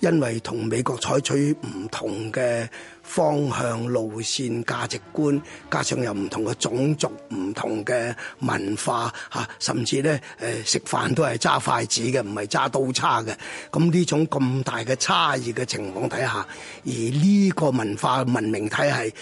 因為同美國採取唔同嘅方向、路線、價值觀，加上有唔同嘅種族、唔同嘅文化嚇，甚至咧，誒食飯都係揸筷子嘅，唔係揸刀叉嘅。咁呢種咁大嘅差異嘅情況底下，而呢個文化文明體系。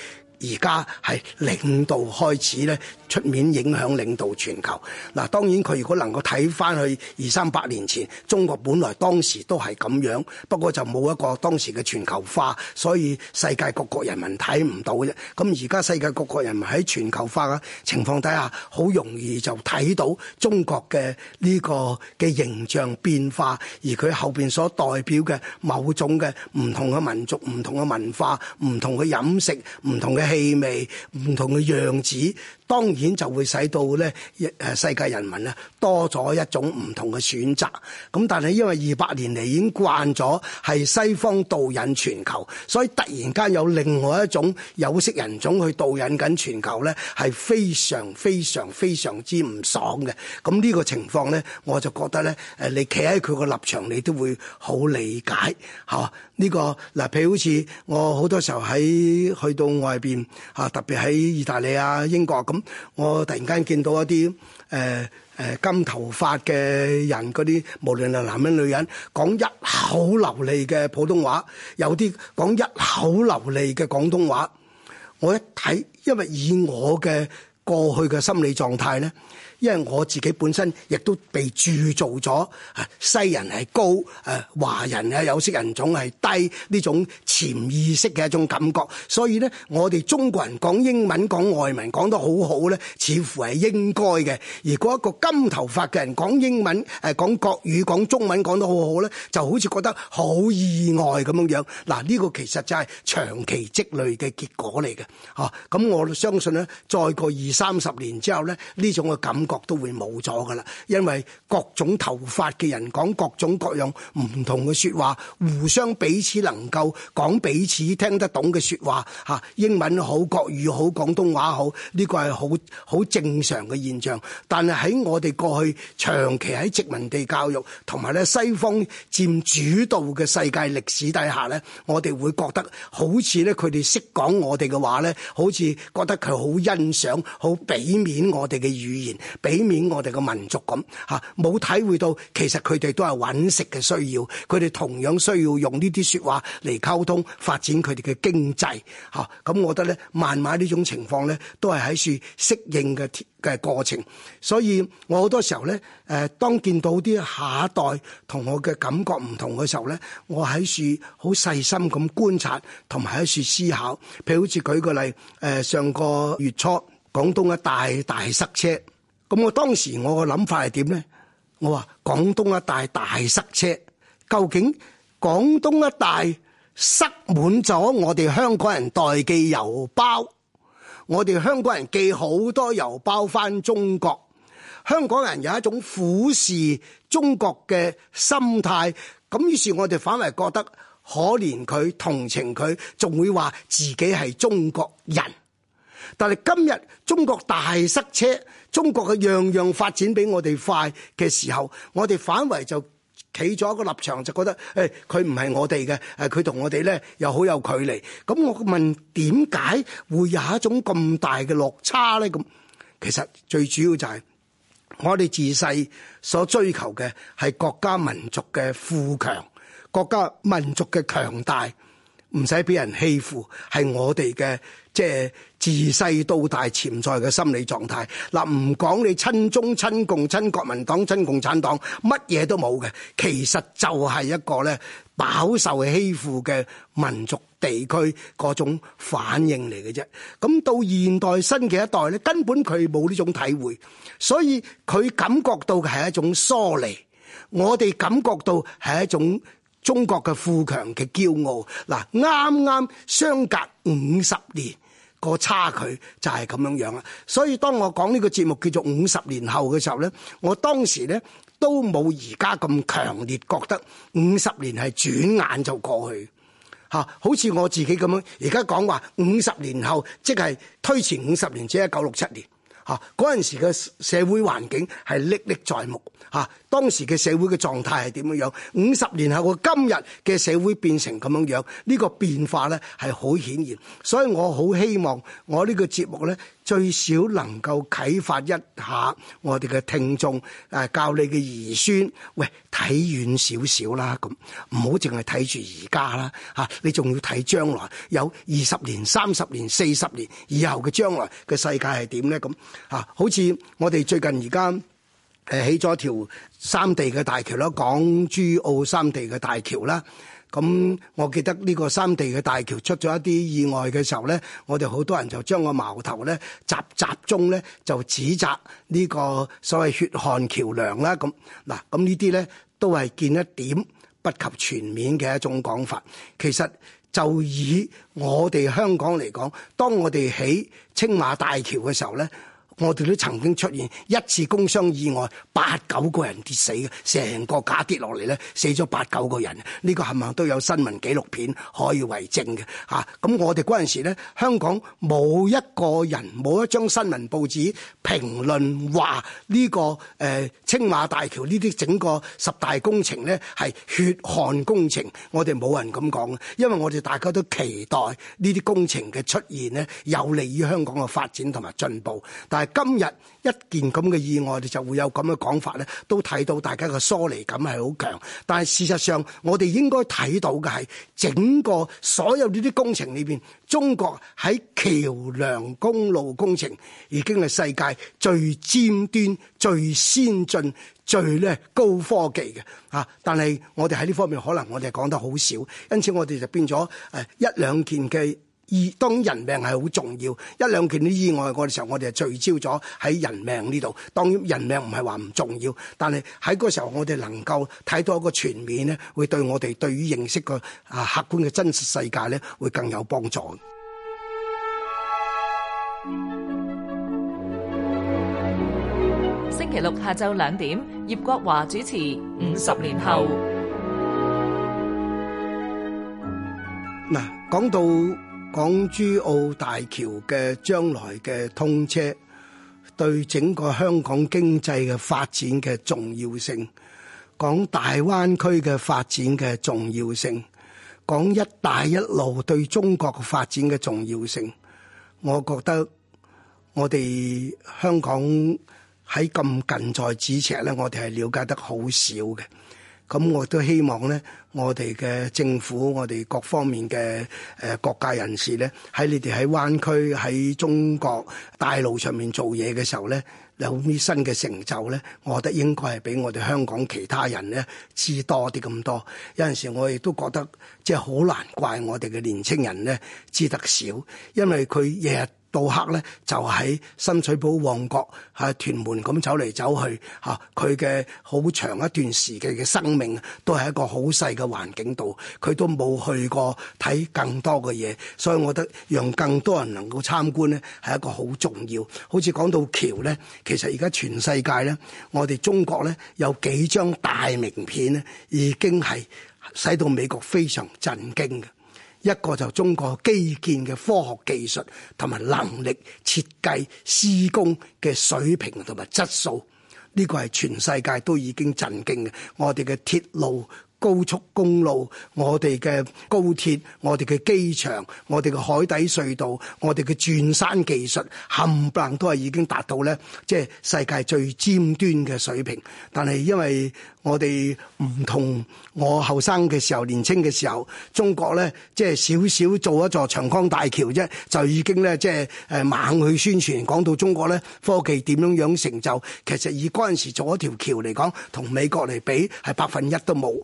而家係領導開始咧，出面影響領導全球。嗱，當然佢如果能夠睇翻去二三百年前，中國本來當時都係咁樣，不過就冇一個當時嘅全球化，所以世界各國人民睇唔到啫。咁而家世界各國人民喺全球化嘅情況底下，好容易就睇到中國嘅呢個嘅形象變化，而佢後邊所代表嘅某種嘅唔同嘅民族、唔同嘅文化、唔同嘅飲食、唔同嘅。氣味唔同嘅樣子。當然就會使到咧誒世界人民咧多咗一種唔同嘅選擇。咁但係因為二百年嚟已經慣咗係西方導引全球，所以突然間有另外一種有色人種去導引緊全球咧，係非常非常非常之唔爽嘅。咁呢個情況咧，我就覺得咧誒，你企喺佢個立場，你都會好理解嚇、這、呢個。嗱，譬如好似我好多時候喺去到外邊嚇，特別喺意大利啊、英國咁。我突然間見到一啲誒誒金頭髮嘅人，嗰啲無論係男人女人，講一口流利嘅普通話，有啲講一口流利嘅廣東話，我一睇，因為以我嘅過去嘅心理狀態咧。因為我自己本身亦都被鑄造咗啊，西人係高，誒、啊、華人啊有色人種係低呢種潛意識嘅一種感覺。所以咧我哋中國人講英文講外文講得好好咧，似乎係應該嘅；而嗰一個金頭髮嘅人講英文誒講、啊、國語講中文講得好好咧，就好似覺得好意外咁樣樣，嗱、啊、呢、呢個其實就係長期積累嘅結果嚟嘅，吓、啊，咁我相信咧，再過二三十年之後咧，呢種嘅感覺。都會冇咗噶啦，因為各種頭髮嘅人講各種各樣唔同嘅說話，互相彼此能夠講彼此聽得懂嘅說話，吓，英文好，國語好，廣東話好，呢個係好好正常嘅現象。但係喺我哋過去長期喺殖民地教育同埋咧西方佔主導嘅世界歷史底下咧，我哋會覺得好似咧佢哋識講我哋嘅話咧，好似覺得佢好欣賞、好俾面我哋嘅語言。俾面我哋個民族咁吓，冇、啊、體會到其實佢哋都係揾食嘅需要，佢哋同樣需要用呢啲説話嚟溝通發展佢哋嘅經濟吓。咁、啊嗯、我覺得咧，慢慢呢種情況咧都係喺處適應嘅嘅過程。所以我好多時候咧，誒、呃、當見到啲下一代同我嘅感覺唔同嘅時候咧，我喺處好細心咁觀察，同埋喺處思考。譬如好似舉個例，誒、呃、上個月初，廣東一大大塞車。咁我當時我嘅諗法係點呢？我話廣東一帶大塞車，究竟廣東一帶塞滿咗我哋香港人代寄郵包，我哋香港人寄好多郵包返中國，香港人有一種俯視中國嘅心態，咁於是，我哋反為覺得可憐佢，同情佢，仲會話自己係中國人。但係今日中國大塞車，中國嘅樣樣發展比我哋快嘅時候，我哋反為就企咗一個立場，就覺得誒，佢唔係我哋嘅，誒，佢同我哋咧又好有距離。咁我問點解會有一種咁大嘅落差咧？咁其實最主要就係我哋自細所追求嘅係國家民族嘅富強，國家民族嘅強大。唔使俾人欺負，係我哋嘅即係自細到大潛在嘅心理狀態。嗱，唔講你親中、親共、親國民黨、親共產黨，乜嘢都冇嘅。其實就係一個咧飽受欺負嘅民族地區嗰種反應嚟嘅啫。咁到現代新嘅一代咧，根本佢冇呢種體會，所以佢感覺到嘅係一種疏離。我哋感覺到係一種中國嘅富強嘅驕傲，嗱啱啱相隔五十年個差距就係咁樣樣啦。所以當我講呢個節目叫做《五十年後》嘅時候咧，我當時咧都冇而家咁強烈覺得五十年係轉眼就過去嚇，好似我自己咁樣。而家講話五十年後，即係推前五十年，即係一九六七年嚇，嗰陣時嘅社會環境係歷歷在目嚇。當時嘅社會嘅狀態係點樣樣？五十年後我今日嘅社會變成咁樣樣，呢、這個變化咧係好顯然。所以我好希望我呢個節目咧，最少能夠啟發一下我哋嘅聽眾，誒教你嘅兒孫，喂睇遠少少啦，咁唔好淨係睇住而家啦，嚇、啊、你仲要睇將來，有二十年、三十年、四十年以後嘅將來嘅世界係點呢？咁、啊、嚇，好似我哋最近而家。誒起咗條三地嘅大橋啦，港珠澳三地嘅大橋啦。咁我記得呢個三地嘅大橋出咗一啲意外嘅時候呢，我哋好多人就將個矛頭呢，集集中呢，就指責呢個所謂血汗橋梁啦。咁嗱，咁呢啲呢都係見一點不及全面嘅一種講法。其實就以我哋香港嚟講，當我哋起青馬大橋嘅時候呢。我哋都曾經出現一次工傷意外，八九個人跌死嘅，成個架跌落嚟咧，死咗八九個人。呢、這個冚唪唥都有新聞紀錄片可以為證嘅。吓、啊，咁我哋嗰陣時咧，香港冇一個人冇一張新聞報紙評論話呢、這個誒、呃、青馬大橋呢啲整個十大工程咧係血汗工程，我哋冇人咁講，因為我哋大家都期待呢啲工程嘅出現咧，有利於香港嘅發展同埋進步，但今日一件咁嘅意外，你就會有咁嘅講法咧，都睇到大家嘅疏離感係好強。但係事實上，我哋應該睇到嘅係整個所有呢啲工程裏邊，中國喺橋樑公路工程已經係世界最尖端、最先進、最咧高科技嘅。嚇！但係我哋喺呢方面可能我哋講得好少，因此我哋就變咗誒一兩件嘅。而當然人命係好重要，一兩件啲意外嗰個時候，我哋係聚焦咗喺人命呢度。當然人命唔係話唔重要，但係喺嗰時候，我哋能夠睇到一個全面咧，會對我哋對於認識個啊客觀嘅真實世界咧，會更有幫助。星期六下晝兩點，葉國華主持《五十年後》。嗱，講到。港珠澳大橋嘅將來嘅通車，對整個香港經濟嘅發展嘅重要性，講大灣區嘅發展嘅重要性，講一帶一路對中國發展嘅重要性，我覺得我哋香港喺咁近在咫尺咧，我哋係瞭解得好少嘅。咁我都希望咧，我哋嘅政府、我哋各方面嘅誒、呃、各界人士咧，喺你哋喺灣區，喺中國大陸上面做嘢嘅時候咧，有啲新嘅成就咧，我覺得應該係俾我哋香港其他人咧知多啲咁多。有陣時我亦都覺得即係好難怪我哋嘅年青人咧知得少，因為佢日日。杜克咧就喺深水埗、旺角啊、屯門咁走嚟走去嚇，佢嘅好長一段時期嘅生命都係一個好細嘅環境度，佢都冇去過睇更多嘅嘢，所以我覺得讓更多人能夠參觀咧係一個好重要。好似講到橋咧，其實而家全世界咧，我哋中國咧有幾張大名片咧，已經係使到美國非常震驚嘅。一個就中國基建嘅科學技術同埋能力設計施工嘅水平同埋質素，呢個係全世界都已經震驚嘅。我哋嘅鐵路。高速公路、我哋嘅高鐵，我哋嘅機場，我哋嘅海底隧道、我哋嘅鑽山技術冚唪唥都係已經達到咧，即係世界最尖端嘅水平。但係因為我哋唔同我後生嘅時候，年青嘅時候，中國咧即係少少做一座長江大橋啫，就已經咧即係誒猛去宣傳講到中國咧科技，點樣樣成就。其實以嗰陣時做一條橋嚟講，同美國嚟比係百分一都冇。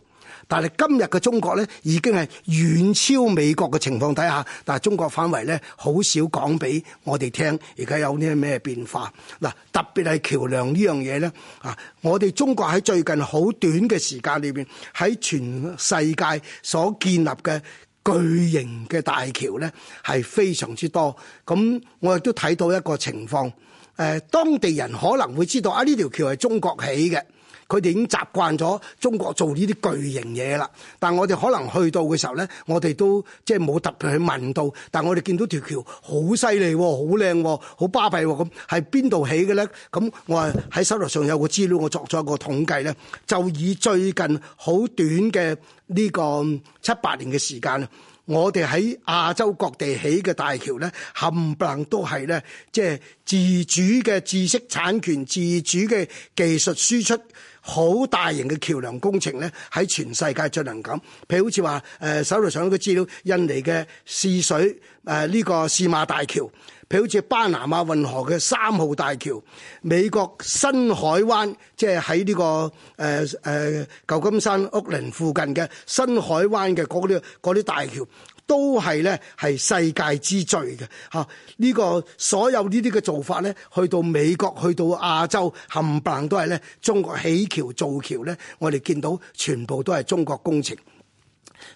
但係今日嘅中國咧，已經係遠超美國嘅情況底下，但係中國範圍咧，好少講俾我哋聽，而家有啲咩變化？嗱，特別係橋樑呢樣嘢咧，啊，我哋中國喺最近好短嘅時間裏邊，喺全世界所建立嘅巨型嘅大橋咧，係非常之多。咁我亦都睇到一個情況，誒、呃，當地人可能會知道啊，呢條橋係中國起嘅。佢哋已經習慣咗中國做呢啲巨型嘢啦，但我哋可能去到嘅時候呢，我哋都即係冇特別去問到，但我哋見到條橋好犀利、好靚、喎、好巴閉咁，係邊度起嘅呢？咁我喺手頭上有個資料，我作咗一個統計呢，就以最近好短嘅呢個七八年嘅時間，我哋喺亞洲各地起嘅大橋呢，冚唪唥都係呢，即係自主嘅知識產權、自主嘅技術輸出。好大型嘅橋樑工程咧，喺全世界進行緊。譬如好似話，誒手頭上嘅資料，印尼嘅泗水誒呢、呃呢個泗馬大橋，譬如好似巴拿馬運河嘅三號大橋，美國新海灣即係喺呢個誒誒、呃呃、舊金山屋崙附近嘅新海灣嘅啲嗰啲大橋。都係咧，係世界之最嘅嚇。呢、呢個所有呢啲嘅做法咧，去到美國，去到亞洲，冚唪唥都係咧，中國起橋造橋咧。我哋見到全部都係中國工程。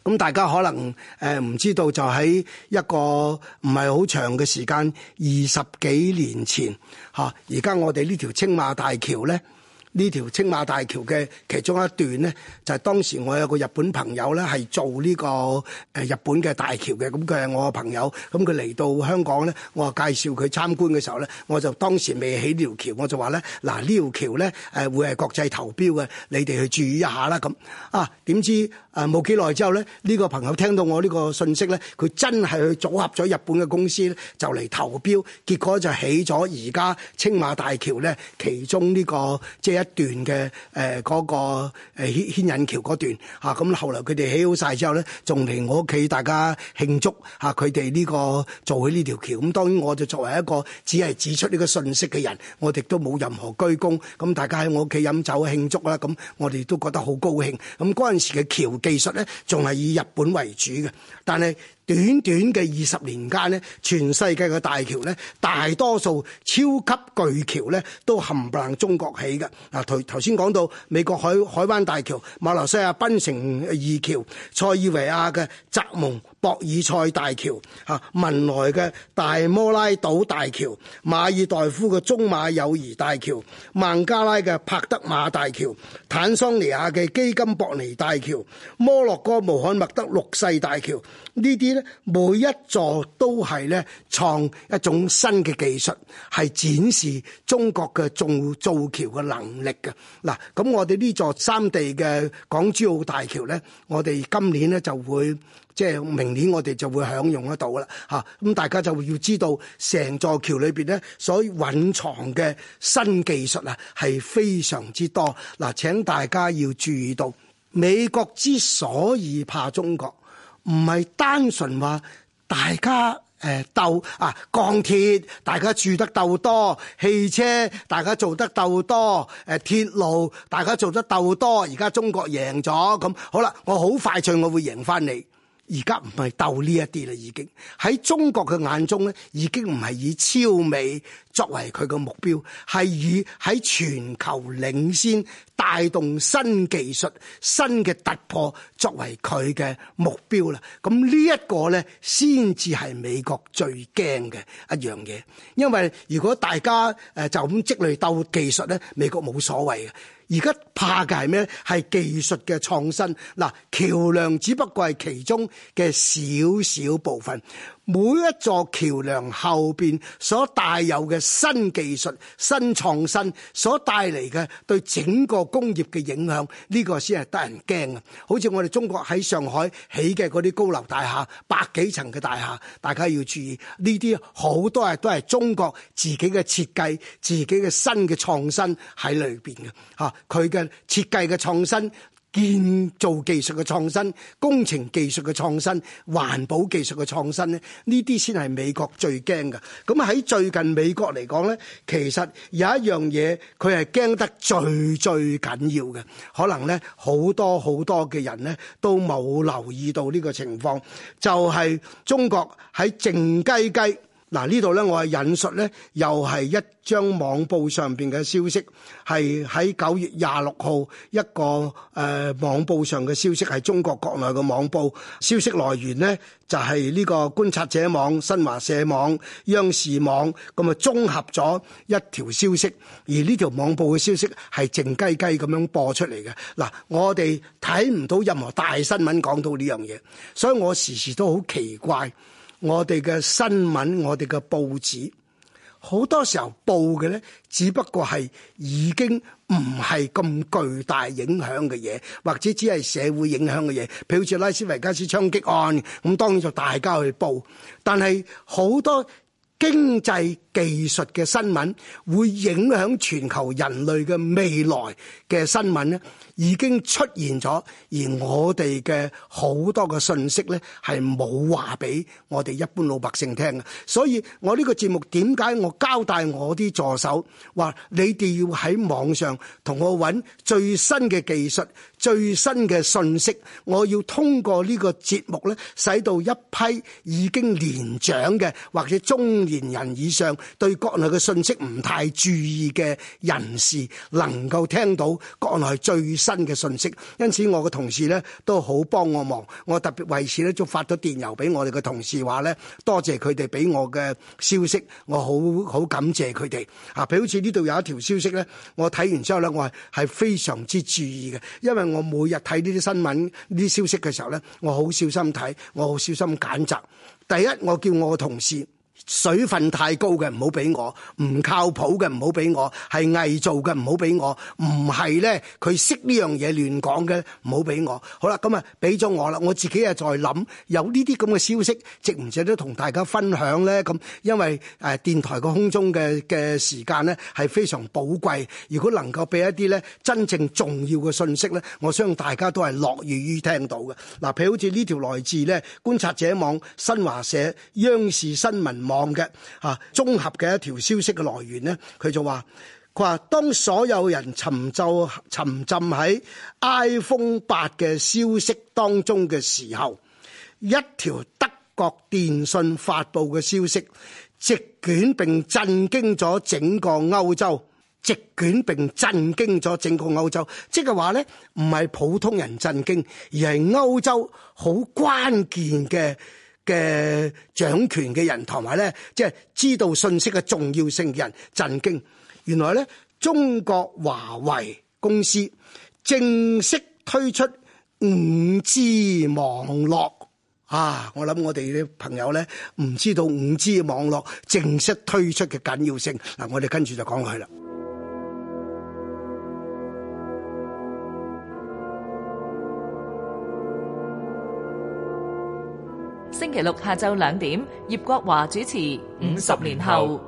咁大家可能誒唔知道，就喺一個唔係好長嘅時間，二十幾年前嚇。而家我哋呢條青馬大橋咧。呢條青馬大橋嘅其中一段呢，就係、是、當時我有個日本朋友呢，係做呢個誒日本嘅大橋嘅，咁佢係我嘅朋友，咁佢嚟到香港呢，我介紹佢參觀嘅時候呢，我就當時未起呢條橋，我就話呢：「嗱呢條橋呢誒會係國際投標嘅，你哋去注意一下啦咁。啊，點知誒冇幾耐之後呢，呢、這個朋友聽到我呢個信息呢，佢真係去組合咗日本嘅公司呢，就嚟投標，結果就起咗而家青馬大橋呢，其中呢、這個即一段嘅誒嗰個誒牽引橋嗰段吓，咁、啊、後來佢哋起好晒之後咧，仲嚟我屋企大家慶祝吓，這個，佢哋呢個做起呢條橋，咁、啊、當然我就作為一個只係指出呢個信息嘅人，我哋都冇任何居功。咁、啊、大家喺我屋企飲酒慶祝啦，咁、啊、我哋都覺得好高興，咁嗰陣時嘅橋技術咧，仲係以日本為主嘅，但係。短短嘅二十年間咧，全世界嘅大橋咧，大多數超級巨橋咧，都冚唪唥中國起嘅。嗱，頭頭先講到美國海海灣大橋，馬來西亞檳城二橋，塞爾維亞嘅澤蒙博爾塞大橋，啊文萊嘅大摩拉島大橋，馬爾代夫嘅中馬友誼大橋，孟加拉嘅帕德馬大橋，坦桑尼亞嘅基金博尼大橋，摩洛哥穆罕默德六世大橋，呢啲。每一座都係咧創一種新嘅技術，係展示中國嘅造造橋嘅能力嘅。嗱，咁我哋呢座三地嘅港珠澳大橋咧，我哋今年咧就會即係明年我哋就會享用得到噶啦。吓，咁大家就會要知道，成座橋裏邊咧所隱藏嘅新技術啊，係非常之多。嗱，請大家要注意到，美國之所以怕中國。唔係單純話大家誒、呃、鬥啊鋼鐵，大家住得鬥多，汽車大家做得鬥多，誒、呃、鐵路大家做得鬥多，而家中國贏咗咁好啦，我好快脆，我會贏翻你。而家唔係鬥呢一啲啦，已經喺中國嘅眼中咧，已經唔係以超美作為佢嘅目標，係以喺全球領先、帶動新技術、新嘅突破作為佢嘅目標啦。咁呢一個咧，先至係美國最驚嘅一樣嘢。因為如果大家誒就咁積累鬥技術咧，美國冇所謂嘅。而家怕嘅係咩咧？係技術嘅創新。嗱，橋樑只不過係其中嘅少少部分。每一座橋梁後邊所帶有嘅新技術、新創新，所帶嚟嘅對整個工業嘅影響，呢、這個先係得人驚啊！好似我哋中國喺上海起嘅嗰啲高樓大廈，百幾層嘅大廈，大家要注意，呢啲好多係都係中國自己嘅設計、自己嘅新嘅創新喺裏邊嘅嚇，佢、啊、嘅設計嘅創新。建造技術嘅創新、工程技術嘅創新、環保技術嘅創新咧，呢啲先係美國最驚嘅。咁喺最近美國嚟講咧，其實有一樣嘢佢係驚得最最緊要嘅，可能咧好多好多嘅人咧都冇留意到呢個情況，就係中國喺靜雞雞。嗱，呢度咧，我引述咧，又係一張網報上邊嘅消息，係喺九月廿六號一個誒、呃、網報上嘅消息，係中國國內嘅網報。消息來源呢，就係、是、呢個觀察者網、新華社網、央視網，咁啊綜合咗一條消息。而呢條網報嘅消息係靜雞雞咁樣播出嚟嘅。嗱，我哋睇唔到任何大新聞講到呢樣嘢，所以我時時都好奇怪。我哋嘅新聞，我哋嘅報紙，好多時候報嘅咧，只不過係已經唔係咁巨大影響嘅嘢，或者只係社會影響嘅嘢，譬如好似拉斯維加斯槍擊案，咁當然就大家去報。但係好多經濟技術嘅新聞，會影響全球人類嘅未來嘅新聞咧。已經出現咗，而我哋嘅好多嘅信息咧係冇話俾我哋一般老百姓聽嘅，所以我呢個節目點解我交代我啲助手話，你哋要喺網上同我揾最新嘅技術、最新嘅信息。我要通過呢個節目咧，使到一批已經年長嘅或者中年人以上對國內嘅信息唔太注意嘅人士能夠聽到國內最。新嘅信息，因此我嘅同事咧都好幫我忙。我特別為此咧，就發咗電郵俾我哋嘅同事呢，話咧多謝佢哋俾我嘅消息，我好好感謝佢哋。啊，譬如好似呢度有一條消息咧，我睇完之後咧，我係非常之注意嘅，因為我每日睇呢啲新聞呢啲消息嘅時候咧，我好小心睇，我好小心揀擇。第一，我叫我嘅同事。水分太高嘅唔好俾我，唔靠譜嘅唔好俾我，係偽造嘅唔好俾我，唔係呢佢識呢樣嘢亂講嘅唔好俾我。好啦，咁啊俾咗我啦，我自己又再諗有呢啲咁嘅消息值唔值得同大家分享呢？咁因為誒電台個空中嘅嘅時間呢係非常寶貴，如果能夠俾一啲呢真正重要嘅信息呢，我相信大家都係樂於聽到嘅。嗱，譬如好似呢條來自呢觀察者網、新華社、央視新聞網。講嘅吓綜合嘅一條消息嘅來源呢，佢就話，佢話當所有人沉就沉浸喺 iPhone 八嘅消息當中嘅時候，一條德國電信發佈嘅消息，席捲並震驚咗整個歐洲，席捲並震驚咗整個歐洲，即係話呢，唔係普通人震驚，而係歐洲好關鍵嘅。嘅掌權嘅人，同埋咧，即係知道信息嘅重要性嘅人，震驚。原來咧，中國華為公司正式推出五 G 網絡啊！我諗我哋啲朋友咧，唔知道五 G 網絡正式推出嘅緊要性。嗱，啊，我哋跟住就講佢啦。星期六下晝兩點，葉國華主持《五十年後》。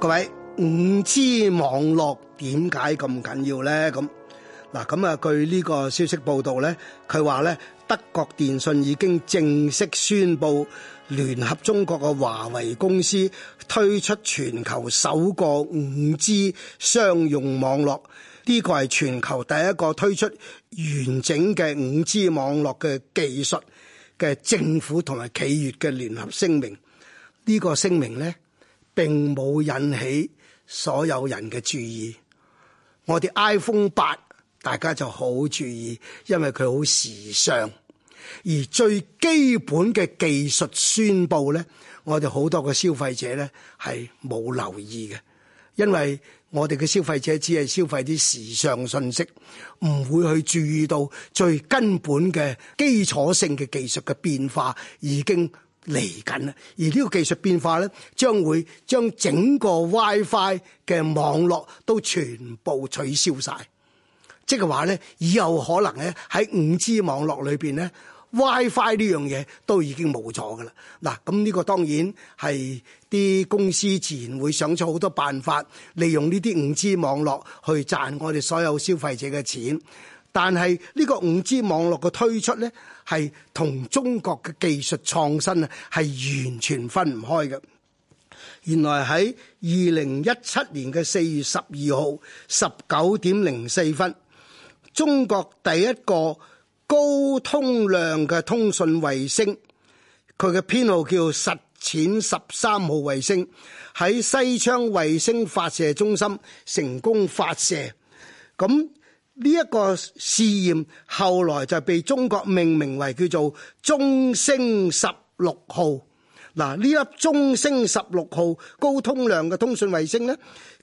各位，五 G 網絡點解咁緊要呢？咁嗱，咁啊，據呢個消息報道呢，佢話呢，德國電信已經正式宣布聯合中國嘅華為公司推出全球首個五 G 商用網絡。呢個係全球第一個推出完整嘅五 G 網絡嘅技術。嘅政府同埋企業嘅聯合聲明，這個、明呢個聲明咧並冇引起所有人嘅注意。我哋 iPhone 八大家就好注意，因為佢好時尚。而最基本嘅技術宣布咧，我哋好多嘅消費者咧，係冇留意嘅，因為。我哋嘅消費者只係消費啲時尚信息，唔會去注意到最根本嘅基礎性嘅技術嘅變化已經嚟緊啦。而呢個技術變化咧，將會將整個 WiFi 嘅網絡都全部取消晒，即係話咧，以後可能咧喺五 G 網絡裏邊咧。WiFi 呢樣嘢都已經冇咗噶啦，嗱，咁呢個當然係啲公司自然會想出好多辦法，利用呢啲五 G 網絡去賺我哋所有消費者嘅錢。但係呢個五 G 網絡嘅推出呢，係同中國嘅技術創新啊，係完全分唔開嘅。原來喺二零一七年嘅四月十二號十九點零四分，中國第一個，高通量嘅通訊衛星，佢嘅編號叫實踐十三號衛星，喺西昌衛星發射中心成功發射。咁呢一個試驗後來就被中國命名為叫做中星十六號。嗱，呢粒中星十六號高通量嘅通訊衛星呢，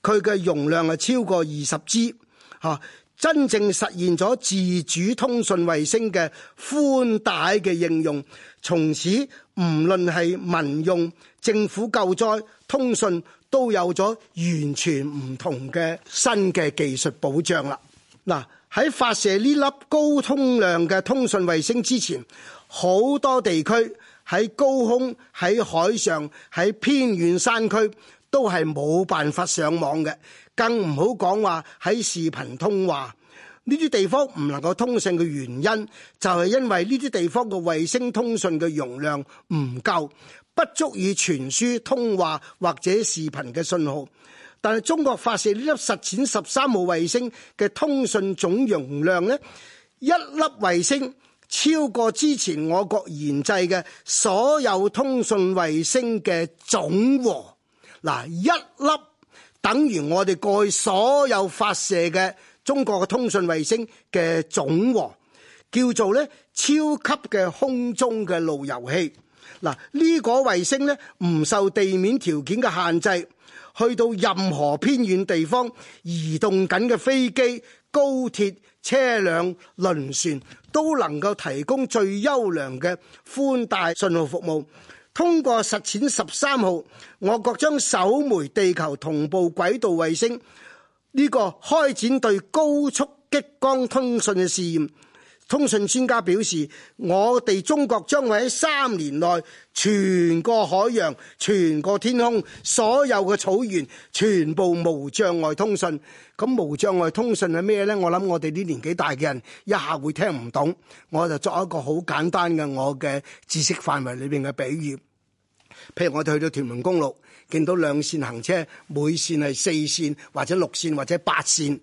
佢嘅容量係超過二十 G 吓。真正實現咗自主通訊衛星嘅寬帶嘅應用，從此唔論係民用、政府救災、通訊，都有咗完全唔同嘅新嘅技術保障啦。嗱，喺發射呢粒高通量嘅通訊衛星之前，好多地區喺高空、喺海上、喺偏遠山區，都係冇辦法上網嘅，更唔好講話喺視頻通話呢啲地方唔能夠通信，嘅原因，就係因為呢啲地方嘅衛星通訊嘅容量唔夠，不足以傳輸通話或者視頻嘅信號。但係中國發射呢粒實踐十三號衛星嘅通訊總容量呢，一粒衛星超過之前我國研製嘅所有通訊衛星嘅總和。嗱，一粒等如我哋過去所有發射嘅中國嘅通訊衛星嘅總和，叫做咧超級嘅空中嘅路由器。嗱，呢個衛星咧唔受地面條件嘅限制，去到任何偏遠地方，移動緊嘅飛機、高鐵、車輛、輪船都能夠提供最優良嘅寬帶信號服務。通過實踐十三號，我國將首枚地球同步軌道衛星呢個開展對高速激光通訊嘅試驗。通訊專家表示，我哋中國將會喺三年內全個海洋、全個天空、所有嘅草原全部無障礙通訊。咁無障礙通訊係咩呢？我諗我哋啲年紀大嘅人一下會聽唔懂。我就作一個好簡單嘅我嘅知識範圍裏面嘅比喻。譬如我哋去到屯門公路，見到兩線行車，每線係四線或者六線或者八線。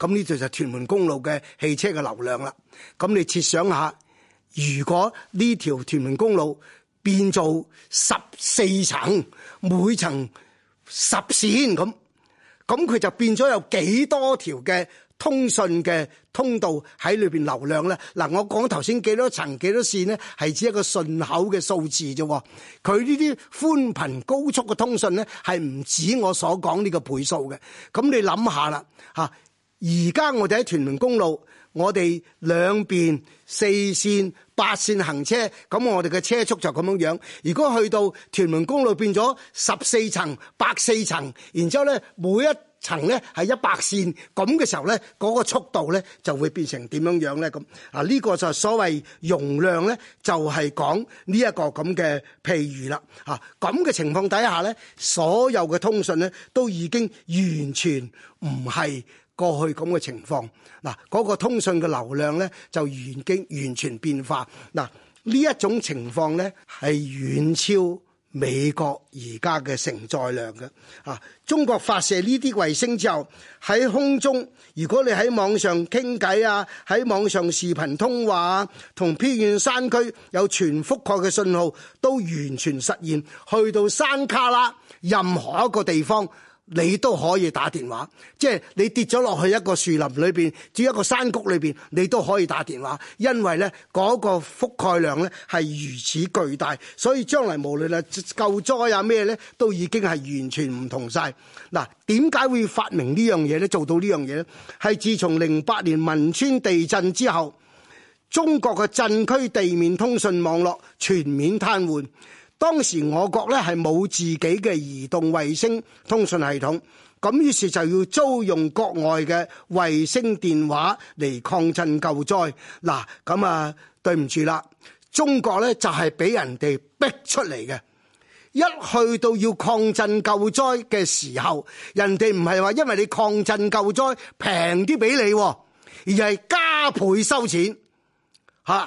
咁呢度就屯門公路嘅汽車嘅流量啦。咁你設想下，如果呢條屯門公路變做十四層，每層十線咁，咁佢就變咗有幾多條嘅通訊嘅通道喺裏邊流量咧？嗱，我講頭先幾多層幾多線咧，係指一個順口嘅數字啫。佢呢啲寬頻高速嘅通訊咧，係唔止我所講呢個倍數嘅。咁你諗下啦，吓。而家我哋喺屯門公路，我哋兩邊四線八線行車，咁我哋嘅車速就咁樣樣。如果去到屯門公路變咗十四層八四層，然之後呢，每一層呢係一百線，咁嘅時候呢，嗰個速度呢就會變成點樣樣呢？咁，啊呢個就所謂容量呢，就係講呢一個咁嘅譬如啦。吓，咁嘅情況底下呢，所有嘅通訊呢都已經完全唔係。過去咁嘅情況，嗱、那、嗰個通訊嘅流量呢，就已經完全變化，嗱呢一種情況呢，係遠超美國而家嘅承載量嘅，啊中國發射呢啲衛星之後喺空中，如果你喺網上傾偈啊，喺網上視頻通話啊，同偏遠山區有全覆蓋嘅信號都完全實現，去到山卡拉任何一個地方。你都可以打電話，即係你跌咗落去一個樹林裏邊，至一個山谷裏邊，你都可以打電話，因為呢嗰個覆蓋量呢係如此巨大，所以將來無論係救災啊咩呢，都已經係完全唔同晒。嗱，點解會發明呢樣嘢呢？做到呢樣嘢呢？係自從零八年汶川地震之後，中國嘅鎮區地面通訊網絡全面癱瘓。當時我國咧係冇自己嘅移動衛星通訊系統，咁於是就要租用國外嘅衛星電話嚟抗震救災。嗱，咁啊，對唔住啦，中國呢就係俾人哋逼出嚟嘅。一去到要抗震救災嘅時候，人哋唔係話因為你抗震救災平啲俾你，而係加倍收錢。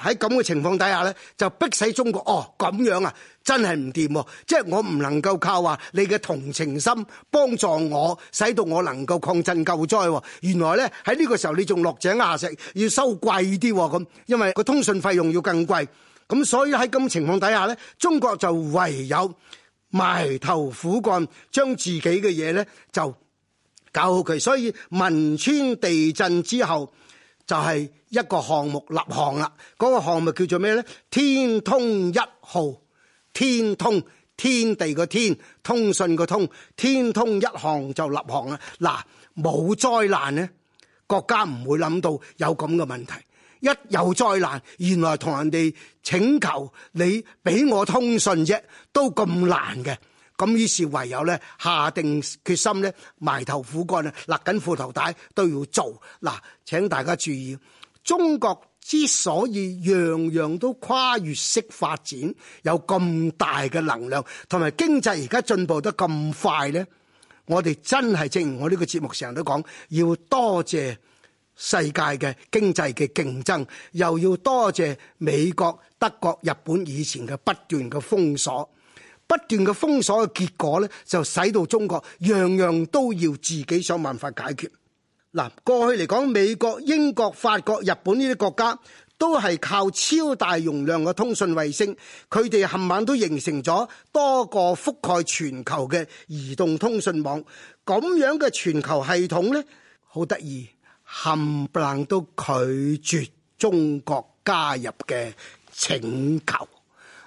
喺咁嘅情況底下呢，就逼使中國哦咁樣啊，真係唔掂喎！即係我唔能夠靠話你嘅同情心幫助我，使到我能夠抗震救災，啊。原來呢，喺呢個時候你仲落井下石，要收貴啲咁，啊，因為個通訊費用要更貴。咁所以喺咁情況底下呢，中國就唯有埋頭苦幹，將自己嘅嘢呢就搞好佢。所以汶川地震之後就係，是。一個項目立項啦，嗰個項目叫做咩呢？天通一號，天通天地個天，通訊個通，天通一項就立項啦。嗱，冇災難呢，國家唔會諗到有咁嘅問題。一有災難，原來同人哋請求你俾我通訊啫，都咁難嘅。咁於是唯有呢下定決心呢，埋頭苦幹啦，勒緊褲頭帶都要做。嗱，請大家注意。中國之所以樣樣都跨越式發展，有咁大嘅能量，同埋經濟而家進步得咁快呢，我哋真係正如我呢個節目成日都講，要多謝世界嘅經濟嘅競爭，又要多謝美國、德國、日本以前嘅不斷嘅封鎖，不斷嘅封鎖嘅結果呢，就使到中國樣樣都要自己想辦法解決。嗱，過去嚟講，美國、英國、法國、日本呢啲國家都係靠超大容量嘅通訊衛星，佢哋冚唪唥都形成咗多個覆蓋全球嘅移動通訊網。咁樣嘅全球系統咧，好得意，冚唪唥都拒絕中國加入嘅請求。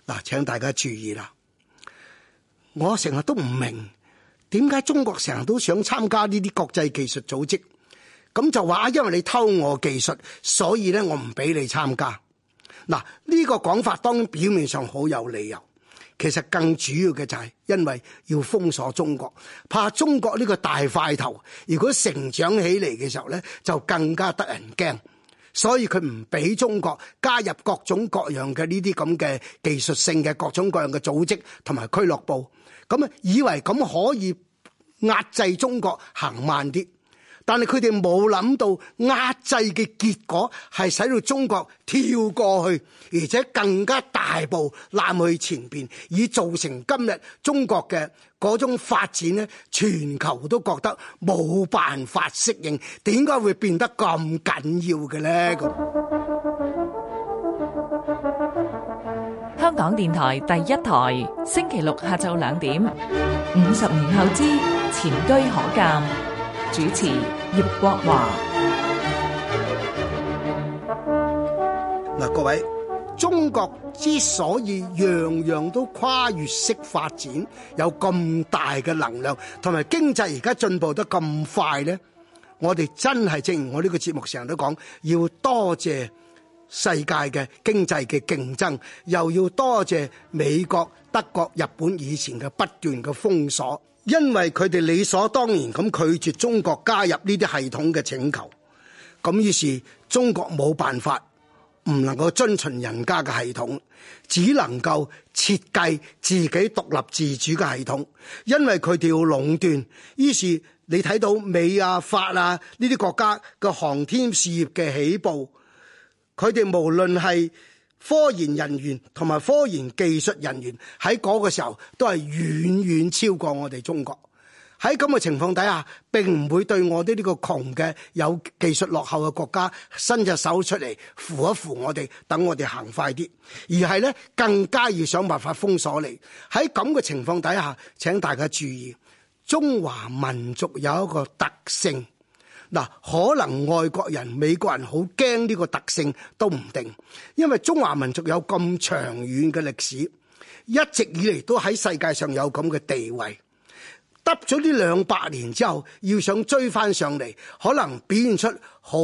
嗱，請大家注意啦，我成日都唔明點解中國成日都想參加呢啲國際技術組織。咁就話啊，因為你偷我技術，所以咧我唔俾你參加。嗱，呢個講法當然表面上好有理由，其實更主要嘅就係因為要封鎖中國，怕中國呢個大塊頭如果成長起嚟嘅時候咧，就更加得人驚，所以佢唔俾中國加入各種各樣嘅呢啲咁嘅技術性嘅各種各樣嘅組織同埋俱樂部，咁啊以為咁可以壓制中國行慢啲。但係佢哋冇諗到壓制嘅結果係使到中國跳過去，而且更加大步攬去前邊，以造成今日中國嘅嗰種發展咧，全球都覺得冇辦法適應，點解會變得咁緊要嘅咧？香港電台第一台，星期六下晝兩點，五十年後之前車可鑑，主持，葉國華嗱，各位，中國之所以樣樣都跨越式發展，有咁大嘅能量，同埋經濟而家進步得咁快呢，我哋真係正如我呢個節目成日都講，要多謝世界嘅經濟嘅競爭，又要多謝美國、德國、日本以前嘅不斷嘅封鎖。因為佢哋理所當然咁拒絕中國加入呢啲系統嘅請求，咁於是中國冇辦法，唔能夠遵循人家嘅系統，只能夠設計自己獨立自主嘅系統。因為佢哋要壟斷，於是你睇到美啊、法啊呢啲國家嘅航天事業嘅起步，佢哋無論係。科研人員同埋科研技術人員喺嗰個時候都係遠遠超過我哋中國，喺咁嘅情況底下，並唔會對我哋呢個窮嘅有技術落後嘅國家伸隻手出嚟扶一扶我哋，等我哋行快啲，而係咧更加要想辦法封鎖你。喺咁嘅情況底下，請大家注意，中華民族有一個特性。嗱，可能外國人、美國人好驚呢個特性都唔定，因為中華民族有咁長遠嘅歷史，一直以嚟都喺世界上有咁嘅地位。得咗呢兩百年之後，要想追翻上嚟，可能表現出好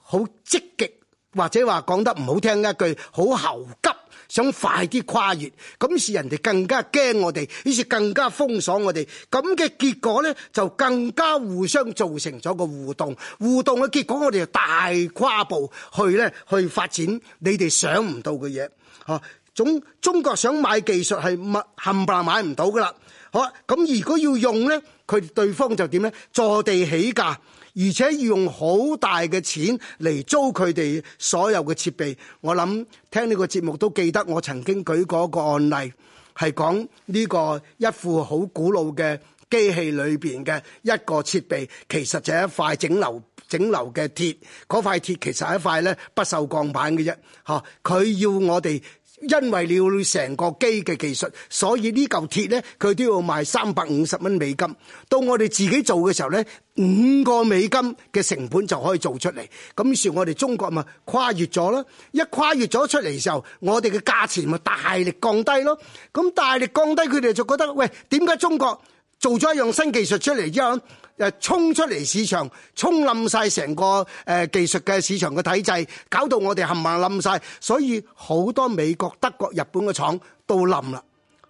好積極，或者話講得唔好聽一句，好猴急。想快啲跨越，咁使人哋更加驚我哋，於是更加封鎖我哋，咁嘅結果呢，就更加互相造成咗個互動，互動嘅結果我哋就大跨步去呢去發展你哋想唔到嘅嘢，吓，中中國想買技術係乜冚唪唥買唔到噶啦，好啦，咁如果要用呢，佢對方就點呢？坐地起價。而且要用好大嘅錢嚟租佢哋所有嘅設備，我諗聽呢個節目都記得我曾經舉過一個案例，係講呢個一副好古老嘅機器裏邊嘅一個設備，其實就係一塊整流整流嘅鐵，嗰塊鐵其實係一塊咧不鏽鋼板嘅啫，嚇佢要我哋。因為你要成個機嘅技術，所以呢嚿鐵呢，佢都要賣三百五十蚊美金。到我哋自己做嘅時候呢，五個美金嘅成本就可以做出嚟。咁算我哋中國咪跨越咗咯？一跨越咗出嚟嘅時候，我哋嘅價錢咪大力降低咯。咁大力降低，佢哋就覺得，喂，點解中國做咗一樣新技術出嚟之後？誒，衝出嚟市場，衝冧晒成個誒技術嘅市場嘅體制，搞到我哋冚唪唥冧晒，所以好多美國、德國、日本嘅廠都冧啦，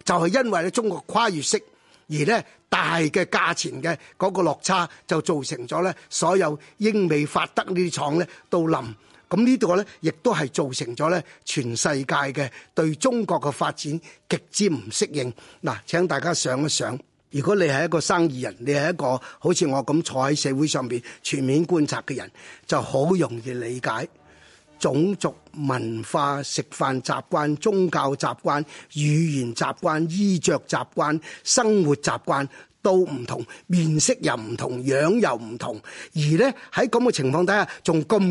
就係因為咧中國跨越式，而咧大嘅價錢嘅嗰個落差，就造成咗咧所有英美法德呢啲廠咧都冧，咁呢度咧亦都係造成咗咧全世界嘅對中國嘅發展極之唔適應。嗱，請大家想一想。如果你係一個生意人，你係一個好似我咁坐喺社會上面全面觀察嘅人，就好容易理解種族文化、食飯習慣、宗教習慣、語言習慣、衣着習慣、生活習慣，都唔同，面色又唔同，樣又唔同，而咧喺咁嘅情況底下，仲咁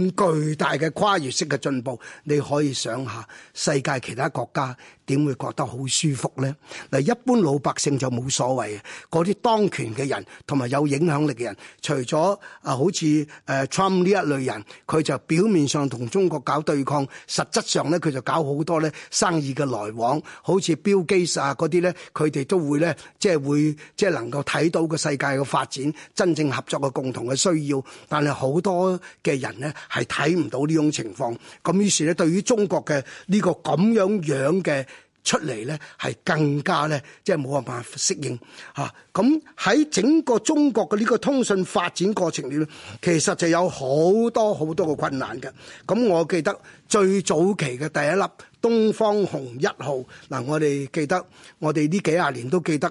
巨大嘅跨越式嘅進步，你可以想下世界其他國家點會覺得好舒服咧？嗱，一般老百姓就冇所謂嘅，嗰啲當權嘅人同埋有影響力嘅人，除咗啊好似誒 Trump 呢一類人，佢就表面上同中國搞對抗，實質上咧佢就搞好多咧生意嘅來往，好似 Bill Gates 啊嗰啲咧，佢哋都會咧即係會即係能夠。睇到個世界嘅發展，真正合作嘅共同嘅需要，但係好多嘅人咧係睇唔到呢種情況，咁於是咧，對於中國嘅呢個咁樣樣嘅出嚟咧，係更加咧，即係冇辦法適應吓，咁喺整個中國嘅呢個通訊發展過程裏邊，其實就有好多好多嘅困難嘅。咁我記得最早期嘅第一粒東方紅一號嗱，我哋記得我哋呢幾廿年都記得。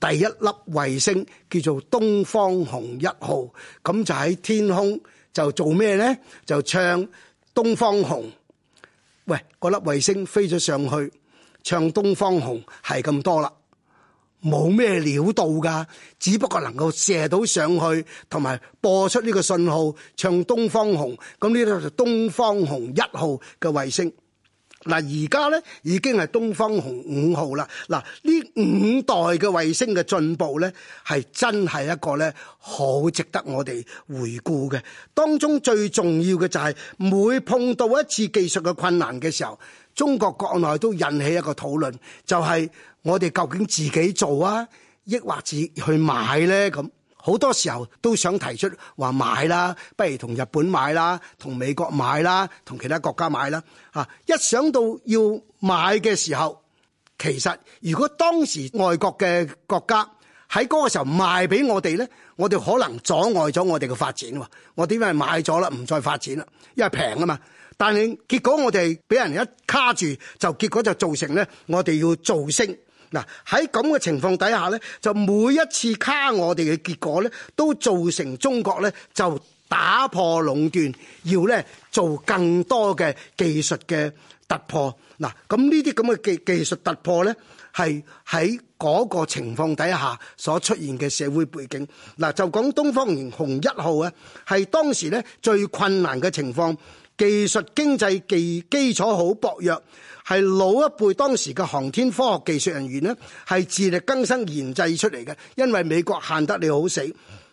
第一粒衛星叫做東方紅一號，咁就喺天空就做咩呢？就唱東方紅。喂，嗰粒衛星飛咗上去，唱東方紅係咁多啦，冇咩料到噶，只不過能夠射到上去，同埋播出呢個信號，唱東方紅。咁呢度就東方紅一號嘅衛星。嗱，而家咧已經係東方紅五號啦。嗱，呢五代嘅衛星嘅進步咧，係真係一個咧好值得我哋回顧嘅。當中最重要嘅就係每碰到一次技術嘅困難嘅時候，中國國內都引起一個討論，就係、是、我哋究竟自己做啊，抑或自去買咧咁。好多時候都想提出話買啦，不如同日本買啦，同美國買啦，同其他國家買啦。嚇！一想到要買嘅時候，其實如果當時外國嘅國家喺嗰個時候賣俾我哋咧，我哋可能阻礙咗我哋嘅發展喎。我點解買咗啦？唔再發展啦，因為平啊嘛。但係結果我哋俾人一卡住，就結果就造成咧，我哋要造星。嗱，喺咁嘅情況底下呢，就每一次卡我哋嘅結果呢，都造成中國呢，就打破壟斷，要呢做更多嘅技術嘅突破。嗱，咁呢啲咁嘅技技術突破呢係喺嗰個情況底下所出現嘅社會背景。嗱，就講東方紅紅一號啊，係當時呢最困難嘅情況。技術經濟技基礎好薄弱，係老一輩當時嘅航天科學技術人員咧，係自力更生研製出嚟嘅。因為美國限得你好死，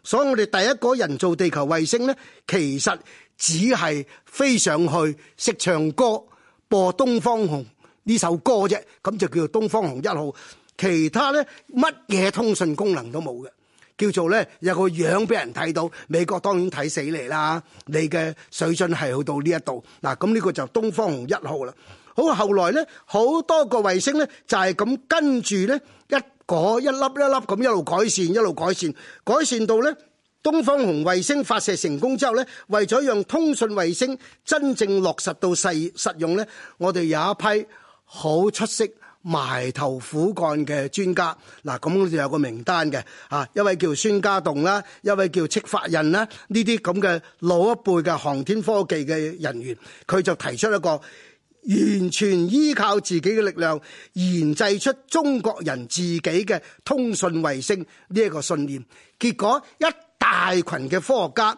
所以我哋第一個人造地球衛星咧，其實只係飛上去，識唱歌，播《東方紅》呢首歌啫，咁就叫做《東方紅一號》，其他咧乜嘢通訊功能都冇嘅。叫做呢，有個樣俾人睇到，美國當然睇死你啦！你嘅水準係去到呢一度，嗱咁呢個就東方紅一號啦。好，後來呢，好多個衛星呢，就係咁跟住呢，一個一粒一粒咁一路改善一路改善，改善到呢，東方紅衛星發射成功之後呢，為咗讓通訊衛星真正落實到實實用呢，我哋有一批好出色。埋頭苦幹嘅專家，嗱咁就有個名單嘅，啊，一位叫孫家棟啦，一位叫戚發軔啦，呢啲咁嘅老一輩嘅航天科技嘅人員，佢就提出一個完全依靠自己嘅力量研製出中國人自己嘅通訊衛星呢一個信念，結果一大群嘅科學家。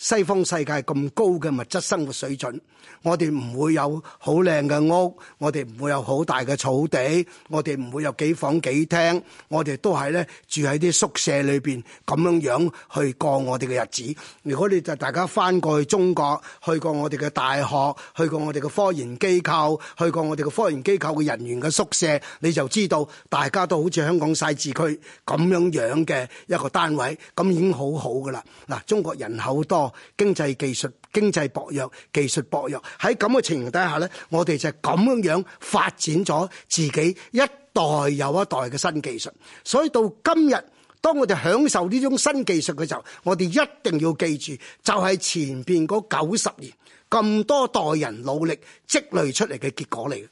西方世界咁高嘅物質生活水準，我哋唔會有好靚嘅屋，我哋唔會有好大嘅草地，我哋唔會有幾房幾廳，我哋都係咧住喺啲宿舍裏邊咁樣樣去過我哋嘅日子。如果你就大家翻過去中國，去過我哋嘅大學，去過我哋嘅科研機構，去過我哋嘅科研機構嘅人員嘅宿舍，你就知道大家都好似香港西治區咁樣樣嘅一個單位，咁已經好好噶啦。嗱，中國人口多。經濟技術經濟薄弱，技術薄弱，喺咁嘅情形底下呢，我哋就咁樣樣發展咗自己一代又一代嘅新技術。所以到今日，當我哋享受呢種新技術嘅時候，我哋一定要記住就，就係前邊嗰九十年咁多代人努力積累出嚟嘅結果嚟。